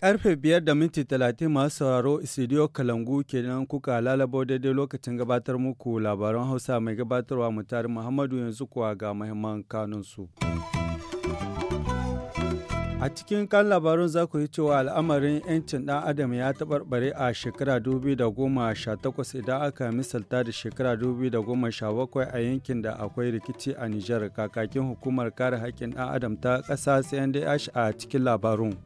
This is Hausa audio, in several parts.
Karfe biyar da minti talatin masu sauraro Isidiyo Kalangu kenan kuka lalabo daidai lokacin gabatar muku labaran Hausa mai gabatarwa mutari Muhammadu yanzu kuwa ga mahimman kanunsu. A cikin kan labarun za ku yi cewa al'amarin 'yancin dan adam ya taɓarɓare a shekara 2018 idan aka misalta da shekara 2017 a yankin da akwai rikici a Nijar kakakin hukumar kare haƙƙin ɗan adam ta ƙasa CNDH a cikin labarun.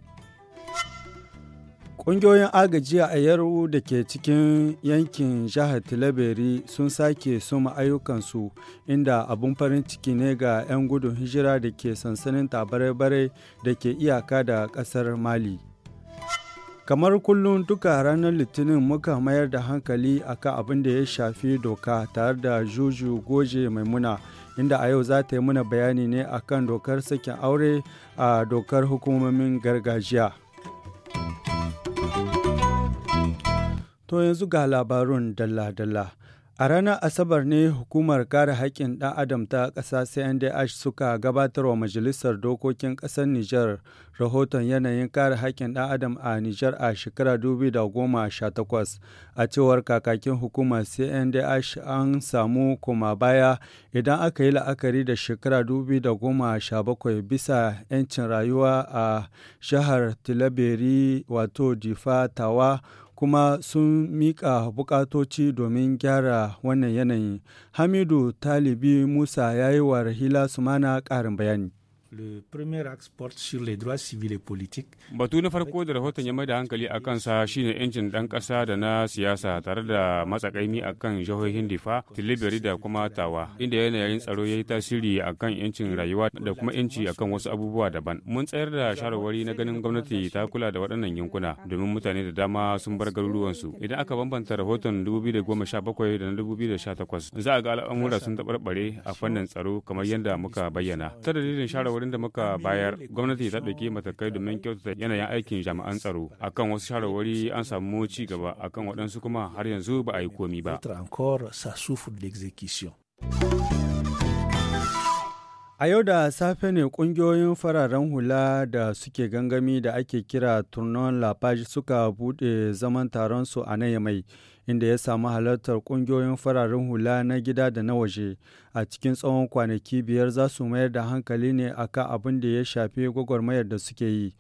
Ƙungiyoyin agaji a Ayaru da ke cikin yankin jihar Tilaberi sun sake suma ayyukansu inda abun farin ciki ne ga 'yan gudun hijira da ke sansanin tabarai-barai da ke iyaka da ƙasar Mali. Kamar kullum duka ranar Litinin muka mayar da hankali akan abin da ya shafi doka tare da Juju Goje Maimuna. inda a yau za ta yi mana bayani ne akan dokar sakin aure a dokar hukumomin gargajiya. To yanzu ga labarun dalla-dalla. A ranar Asabar ne hukumar kare haƙƙin ɗan Adam ta ƙasa CNDH suka gabatar wa Majalisar Dokokin ƙasar Nijar rahoton yanayin kare haƙƙin ɗan Adam a Nijar a shekara 2018. A cewar kakakin hukumar CNDH an samu koma baya idan aka yi la'akari da shekara 2017 bisa 'yancin rayuwa a shahar Tilaberi wato Difa Tawa kuma sun miƙa bukatoci domin gyara wannan yanayi Hamidu Talibi Musa ya yi wa Rahila Sumana ƙarin bayani. le premier axe porte sur les droits civils et politiques. Batu na farko da rahoton ya maida hankali a kansa shine yancin dan ƙasa da na siyasa tare da matsakaimi a kan jihohin Difa, Tilibiri da kuma Tawa, inda yanayin tsaro ya yi tasiri a kan yancin rayuwa da kuma yanci a kan wasu abubuwa daban. Mun tsayar da shawarwari na ganin gwamnati ta kula da waɗannan yankuna domin mutane da dama sun bar garuruwansu. Idan aka bambanta rahoton 2017 da na 2018, za a ga al'amura sun taɓarɓare a fannin tsaro kamar yadda muka bayyana. Ta dalilin shawarwari shawarwarin da muka bayar gwamnati ta ɗauki matakai domin kyautata yanayin aikin jami'an tsaro akan wasu shawarwari an samu ci gaba akan waɗansu kuma har yanzu ba a yi komi ba. A yau da safe ne ƙungiyoyin fararen hula da suke gangami da ake kira turnon La suka buɗe zaman taron su a nan mai inda ya samu halartar kungiyoyin fararen hula na gida da na waje a cikin tsawon kwanaki biyar za su mayar da hankali ne akan abin da ya shafi gwagwarmayar da suke yi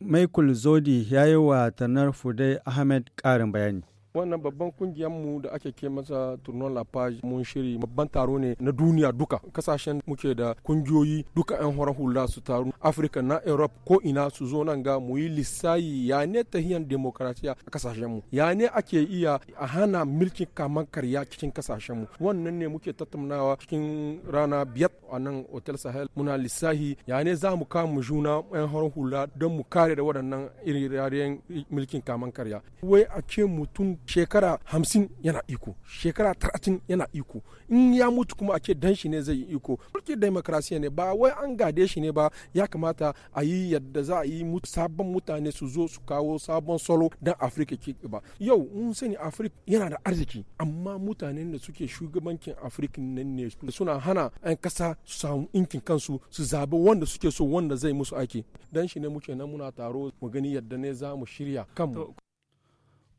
michael zodi ya yi wa tanar fudai ahmed ƙarin bayani wannan babban kungiyar mu da ake ke masa tournoi la page mun shiri babban taro ne na duniya duka kasashen muke da kungiyoyi duka yan horon hula su taru afirka na europe ko ina su zo nan ga mu yi lissayi ya ne tahiyan demokarasiya a kasashen mu ya ne ake iya a hana milkin kaman karya cikin kasashen mu wannan ne muke tattaunawa cikin rana biyar a nan hotel sahel muna lissahi ya ne za mu kama juna yan horon hula don mu kare da waɗannan irin milkin kaman karya wai a ce mutum shekara hamsin yana iko shekara talatin yana iko in ya mutu kuma a ce dan shi ne zai yi iko mulkin demokrasiya ne ba wai an gade shi ne ba ya kamata a yi yadda za a yi sabon mutane su zo su kawo sabon salo dan afirka ke ba yau mun sani afirka yana da arziki amma mutanen da suke shugabancin afirka nan ne suna hana an kasa su samu inkin kansu su zabi wanda suke so wanda zai musu aiki dan shi ne muke nan muna taro mu gani yadda ne za mu shirya kanmu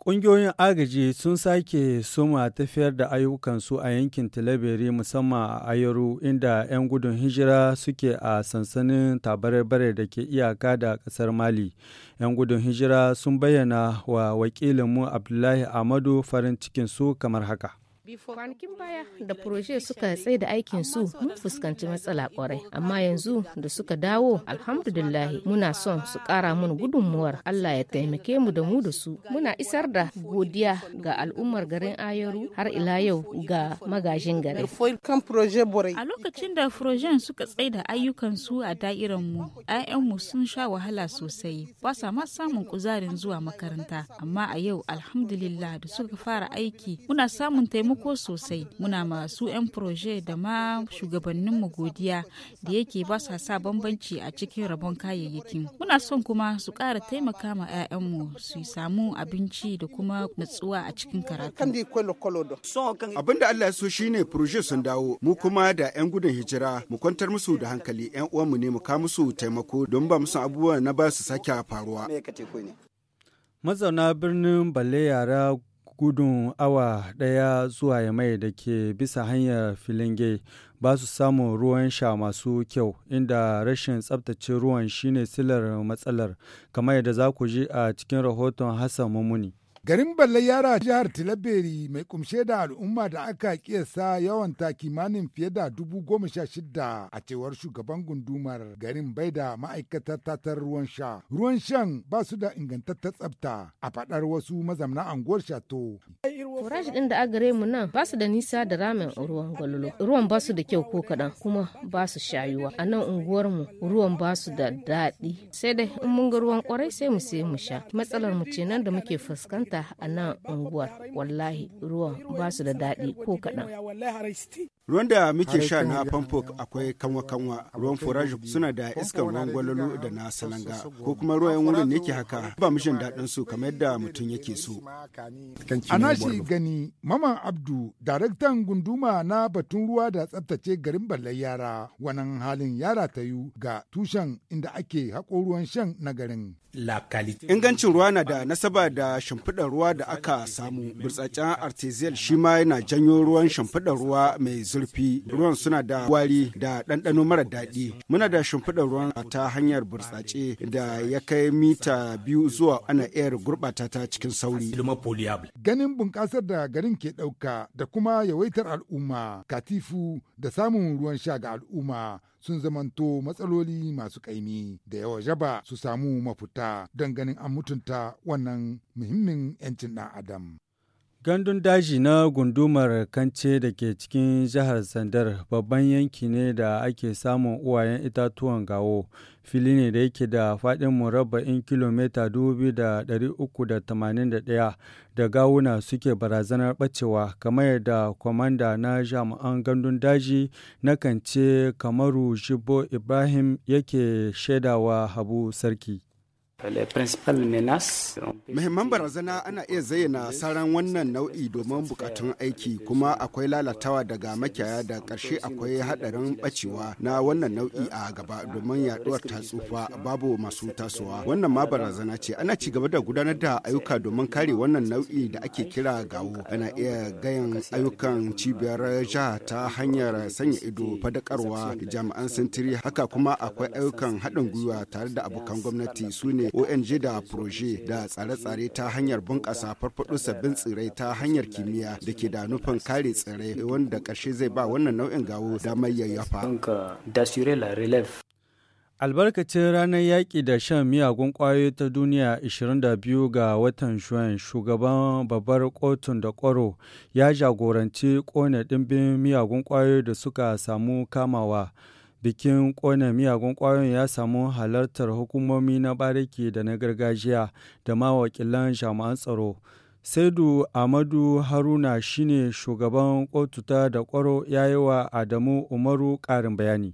Ƙungiyoyin agaji sun sake suma tafiyar da ayyukansu a yankin Tilaberi musamman a Ayaru inda 'yan gudun hijira suke a sansanin tabarabare da ke iyaka da ƙasar Mali. 'Yan gudun hijira sun bayyana wa wakilinmu Abdullahi Amadu farin cikinsu kamar haka. Kwanakin baya da proje suka tsaye da aikin su mun fuskanci matsala kwarai, amma yanzu da suka dawo alhamdulillahi muna son su kara mun gudunmuwar Allah ya taimake mu da mu da su. Muna isar da godiya ga al'ummar garin ayaru har ila yau ga magajin gari. A lokacin da projen suka tsaye da ayyukansu a da'iran mu, 'ya'yanmu sun sha wahala sosai, ba sa ma samun kuzarin zuwa makaranta, amma a yau alhamdulillah da suka fara aiki muna samun taimako taimako sosai muna masu 'yan proje da ma shugabanninmu godiya da yake ba sa sa bambanci a cikin rabon kayayyaki muna son kuma su ƙara taimaka ma 'ya'yanmu su samu abinci da kuma natsuwa a cikin karatu abin da Allah ya so shine proje sun dawo mu kuma da 'yan gudun hijira mu kwantar musu da hankali 'yan uwanmu ne mu ka musu taimako don ba musu abubuwa na ba su sake faruwa mazauna birnin bale yara gudun awa ɗaya zuwa mai da ke bisa hanyar filinge ba su samun ruwan sha masu kyau inda rashin tsabtace ruwan shine silar matsalar kamar yadda za ku ji a cikin rahoton hassan mummuni Garin Balle Yara jihar Tilaberi mai kumshe da al'umma da aka yawan ta kimanin fiye da dubu goma sha shida a cewar shugaban gundumar garin bai da ma'aikatar tatar ruwan sha. Ruwan shan ba su da ingantattar tsafta a faɗar wasu mazamna anguwar Shato. Furashi ɗin da agare mu nan ba su da nisa da ramin ruwan gwalolo. Ruwan ba su da kyau ko kaɗan kuma ba su shayuwa. A nan unguwar mu ruwan ba su da daɗi. Sai dai in mun ga ruwan kwarai sai mu sai mu sha. Matsalar mu ce nan da muke fuskanta ta a nan unguwar wallahi ruwan ba su da daɗi ko kaɗan ruwan da muke sha na famfo akwai kanwa-kanwa ruwan forage suna da iskar ruwan gwalolo da na salanga ko kuma ruwan wurin ne ke haka ba mu jin daɗin su kamar yadda mutum yake so a nashi gani maman abdu daraktan gunduma na batun ruwa da tsabtace garin ballar yara wannan halin yara ta yu ga tushen inda ake haƙo ruwan shan na garin Ingancin ruwa na da nasaba da shimfiɗar ruwa da aka samu. Burtsatsen artisanal shi ma yana janyo ruwan shimfiɗar ruwa mai zurfi. Ruwan suna da wari da ɗanɗano mara daɗi. Muna da shimfiɗar ruwan ta hanyar burtsatse da ya kai mita biyu zuwa ana 'yar gurɓata ta cikin sauri. Ganin bunƙasar da garin ke ɗauka da kuma yawaitar al'umma, katifu da samun ruwan sha ga al'umma sun zamanto matsaloli masu kaimi da yawa jaba su samu mafuta don ganin an mutunta wannan muhimmin 'yancin ɗan adam. Gandun daji na gundumar Kance da ke cikin jihar Sandar babban yanki ne da ake samun uwayen itatuwan gawo. Fili ne da yake da faɗin murabba'in kilomita 2,381 da gawuna suke barazanar ɓacewa kamar yadda kwamanda na jami'an gandun daji na Kance Kamaru Shibo Ibrahim yake shaidawa Habu Sarki. mahimman barazana ana iya zayyana saran wannan nau'i domin bukatun aiki kuma akwai lalatawa daga makiyaya da ƙarshe akwai haɗarin ɓacewa na wannan nau'i a gaba domin yaɗuwar ta tsufa babu masu tasowa. Wannan ma barazana ce ana ci gaba da gudanar da ayyuka domin kare wannan nau'i da ake kira gawo. Ana iya gayan ayyukan cibiyar jiha ta hanyar sanya ido fadakarwa jami'an sintiri haka kuma akwai ayyukan haɗin gwiwa tare da abokan gwamnati su ne ONG da proje da tsare-tsare ta hanyar bunƙasa farfaɗo sabbin tsirai ta hanyar kimiyya da ke da nufin kare tsirai wanda ƙarshe zai ba wannan nau'in gawo damar yayyafa. Euh, Albarkacin ranar yaƙi da shan miyagun ƙwayoyi ta duniya 22 ga watan Shuan, shugaban babbar kotun da kwaro ya jagoranci kone ɗimbin miyagun ƙwayoyi da suka samu kamawa. bikin ƙona miyagun ƙwayoyin ya samu halartar hukumomi na bariki da na gargajiya da ma wakilan jami'an tsaro saidu amadu haruna shine shugaban kotuta da kwaro ya yi wa adamu umaru ƙarin bayani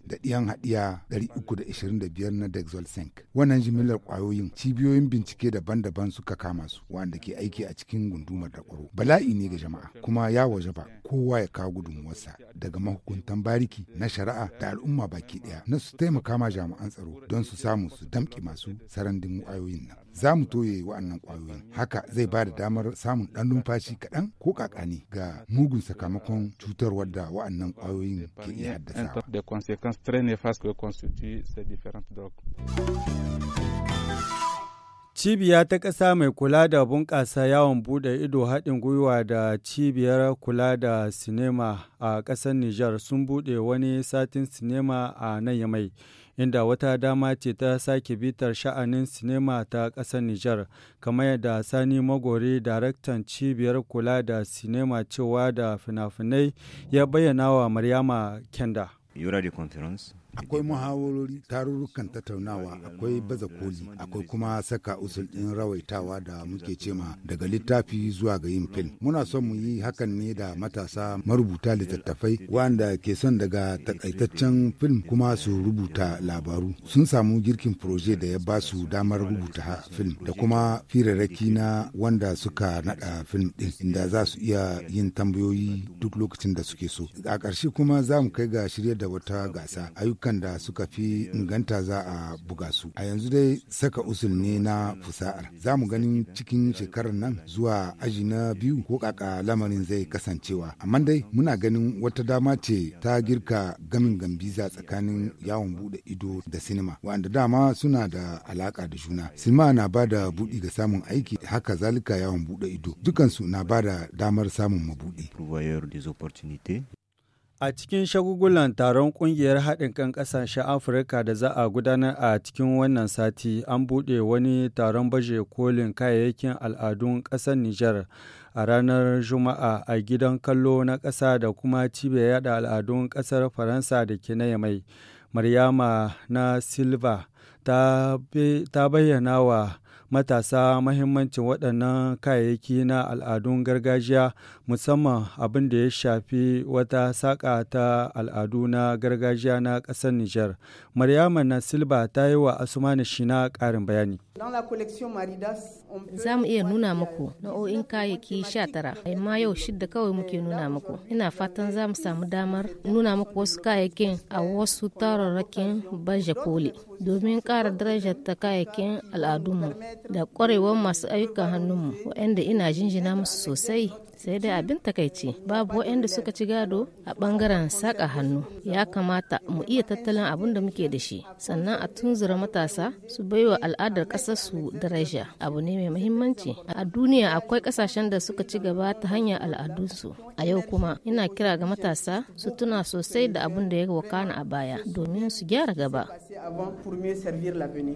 da ɗiyan haɗiya 325 na Dexol 5. Wannan jimillar ƙwayoyin cibiyoyin bincike daban-daban suka kama su wanda ke aiki a cikin gundumar da ƙwaro. Bala'i ne ga jama'a kuma ya waje ba kowa ya kawo gudunmuwarsa daga mahukuntan bariki na shari'a da al'umma baki ɗaya na su taimaka ma jami'an tsaro don su samu su damƙi masu sarandin ƙwayoyin nan. Za mu toye wa'annan ƙwayoyin. Haka zai ba da damar samun ɗan numfashi kaɗan ko kakani ga mugun sakamakon cutarwar da wa'annan ƙwayoyin ke iya haddasa. Cibiya ta ƙasa mai kula da bunƙasa yawon buɗe ido haɗin gwiwa da cibiyar kula da sinema a ƙasar Nijar sun buɗe wani satin sinema a nan yamai, inda wata dama ce ta sake bitar sha'anin sinema ta ƙasar Nijar, kamar yadda Sani Magori, daraktan cibiyar kula da sinema cewa da fina-finai ya bayyana wa Maryama Kenda. Yura conference akwai muhawarori tarurrukan tattaunawa akwai baza koli akwai kuma saka usul ɗin rawaitawa da muke cema daga littafi zuwa ga yin fil muna son mu yi hakan ne da matasa marubuta littattafai wanda ke son daga takaitaccen fil kuma su rubuta labaru sun samu girkin proje da ya ba su damar rubuta fil da kuma firarraki na wanda suka nada fil ɗin inda za su iya yin tambayoyi duk lokacin da suke so a ƙarshe kuma za mu kai ga shirye da wata gasa ayyuka ayyukan da suka fi inganta za a buga su a yanzu dai saka usul ne na fusa'ar za mu ganin cikin shekarar nan zuwa aji na biyu ko kaka lamarin zai kasancewa amma dai muna ganin wata dama ce ta girka gamin gambiza tsakanin yawon bude ido da sinima wanda dama suna da alaka da juna sinima na ba da buɗi ga samun aiki haka zalika yawon bude ido dukansu na ba da damar samun mabuɗi A cikin shagugulan taron kungiyar haɗin kan ƙasashen Afirka da za a gudanar a cikin wannan sati, an buɗe wani taron baje kolin kayayyakin al'adun ƙasar Nijar a ranar Juma'a a gidan kallo na ƙasa da kuma cibiyar yada al'adun ƙasar Faransa da ke na yamai. Maryama na Silva ta bayyana wa matasa mahimmancin waɗannan kayayyaki na al'adun gargajiya musamman abin da ya shafi wata saƙa ta al'adu na gargajiya na ƙasar Nijar. Maryama na Silba ta yi wa Asumani Shina ƙarin bayani. Za mu iya nuna muku nau'o'in kayayyaki tara amma yau shidda kawai muke nuna muku. Ina fatan za mu samu damar nuna muku wasu kayayyakin a wasu tararrakin baje koli. domin ƙara ta kayayyakin al'adunmu da ƙwarewar masu ayyukan hannunmu waɗanda ina jinjina musu sosai sai dai abin takaici babu waɗanda suka ci gado a ɓangaren saƙa hannu ya kamata mu iya tattalin abin da muke da shi sannan a tunzura matasa su baiwa al'adar ƙasarsu daraja abu ne mai muhimmanci a duniya akwai ƙasashen da suka ci gaba ta hanyar al'adunsu a yau kuma ina kira ga matasa su tuna sosai da abin da ya wakana a baya domin su gyara gaba pour mieux servir l'avenir.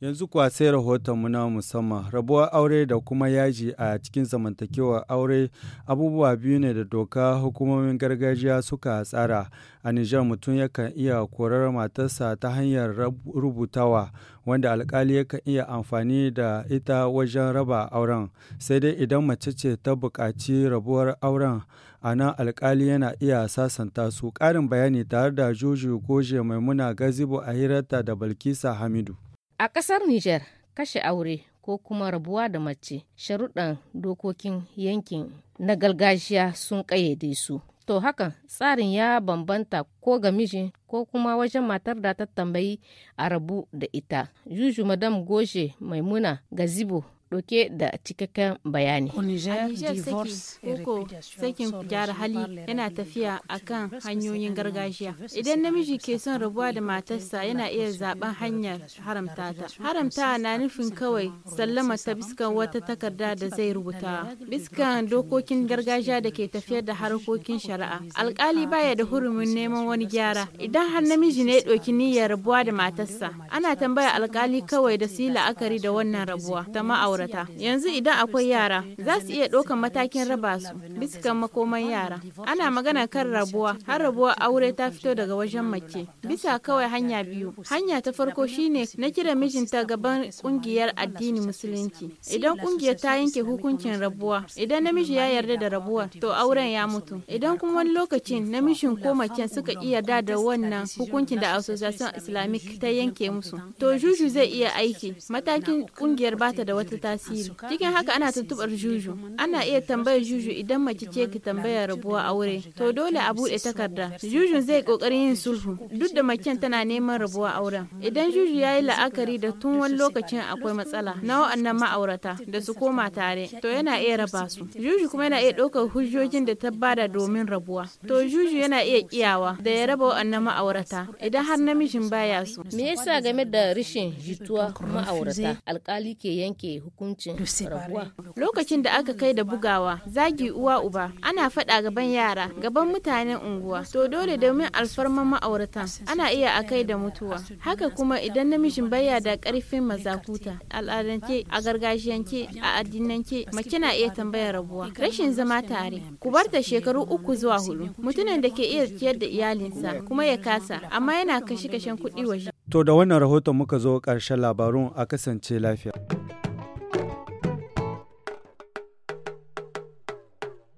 Yanzu kuwa sai rahotonmu na musamman rabuwar aure da kuma yaji a cikin zamantakewar aure abubuwa biyu ne da doka hukumomin gargajiya suka tsara a Nijar mutum yakan iya korar matarsa ta hanyar rubutawa wanda alkali yakan iya amfani da ita wajen raba auren sai dai idan mace ce ta buƙaci rabuwar auren a nan alkali yana iya sasanta su ƙarin bayani tare da juju goje maimuna gazibo a hirarta da balkisa hamidu a ƙasar niger kashe aure ko kuma rabuwa da mace sharuɗan dokokin yankin na gargajiya sun ƙayyade su to hakan tsarin ya bambanta ko ga mijin ko kuma wajen matar da ta tambayi a rabu da ita juju madam goshe maimuna gazibo ɗauke da cikakken bayani. Koko sakin gyara hali yana tafiya a kan hanyoyin gargajiya. Idan namiji ke son rabuwa da matarsa yana iya zaben hanyar haramta ta. Haramta na nufin kawai sallama ta biskan wata takarda da zai rubuta. Biskan dokokin gargajiya da ke tafiyar da harkokin shari'a. Alkali baya da hurumin neman wani gyara. Idan har namiji ne ɗauki niyyar rabuwa da matarsa, ana tambaya alkali kawai da su yi la'akari da wannan rabuwa ta ma'aurata. ma'aurata yanzu idan akwai yara za su iya ɗaukan matakin raba su bisa makoman yara ana magana kan rabuwa har rabuwa aure ta fito daga wajen mace bisa kawai hanya biyu hanya ta farko shine na kira mijinta gaban kungiyar addini musulunci idan kungiyar ta yanke hukuncin rabuwa idan namiji ya yarda da rabuwa to auren ya mutu idan kuma wani lokacin namijin ko macen suka iya yarda da wannan hukuncin da association islamic ta yanke musu to juju zai iya aiki matakin kungiyar bata da wata tasiri cikin haka ana tuntubar juju ana iya tambayar juju idan mace ce ki tambaya rabuwa aure to dole a bude takarda juju zai kokarin yin sulhu duk da macen tana neman rabuwa auren idan juju ya yi la'akari da tun wani lokacin akwai matsala na wa'annan ma'aurata da su koma tare to yana iya raba su juju kuma yana iya ɗaukar hujjojin da ta bada domin rabuwa to juju yana iya kiyawa da ya raba wa'annan ma'aurata idan har namijin baya su me yasa game da rashin jituwa ma'aurata alkali ke yanke hukunci hukuncin rabuwa. Lokacin da aka kai da bugawa, zagi uwa uba, ana faɗa gaban yara, gaban mutanen unguwa. To dole domin alfarman ma'aurata ana iya a kai da mutuwa. Haka kuma idan namijin baya da karfin mazakuta, al'adance, a gargajiyance, a addinance, mace na iya tambayar rabuwa. Rashin zama tare, ku barta shekaru uku zuwa hudu. Mutumin da ke iya ciyar da iyalinsa kuma ya kasa, amma yana kashe-kashen kuɗi waje. To da wannan rahoton muka zo karshen labarun a kasance lafiya.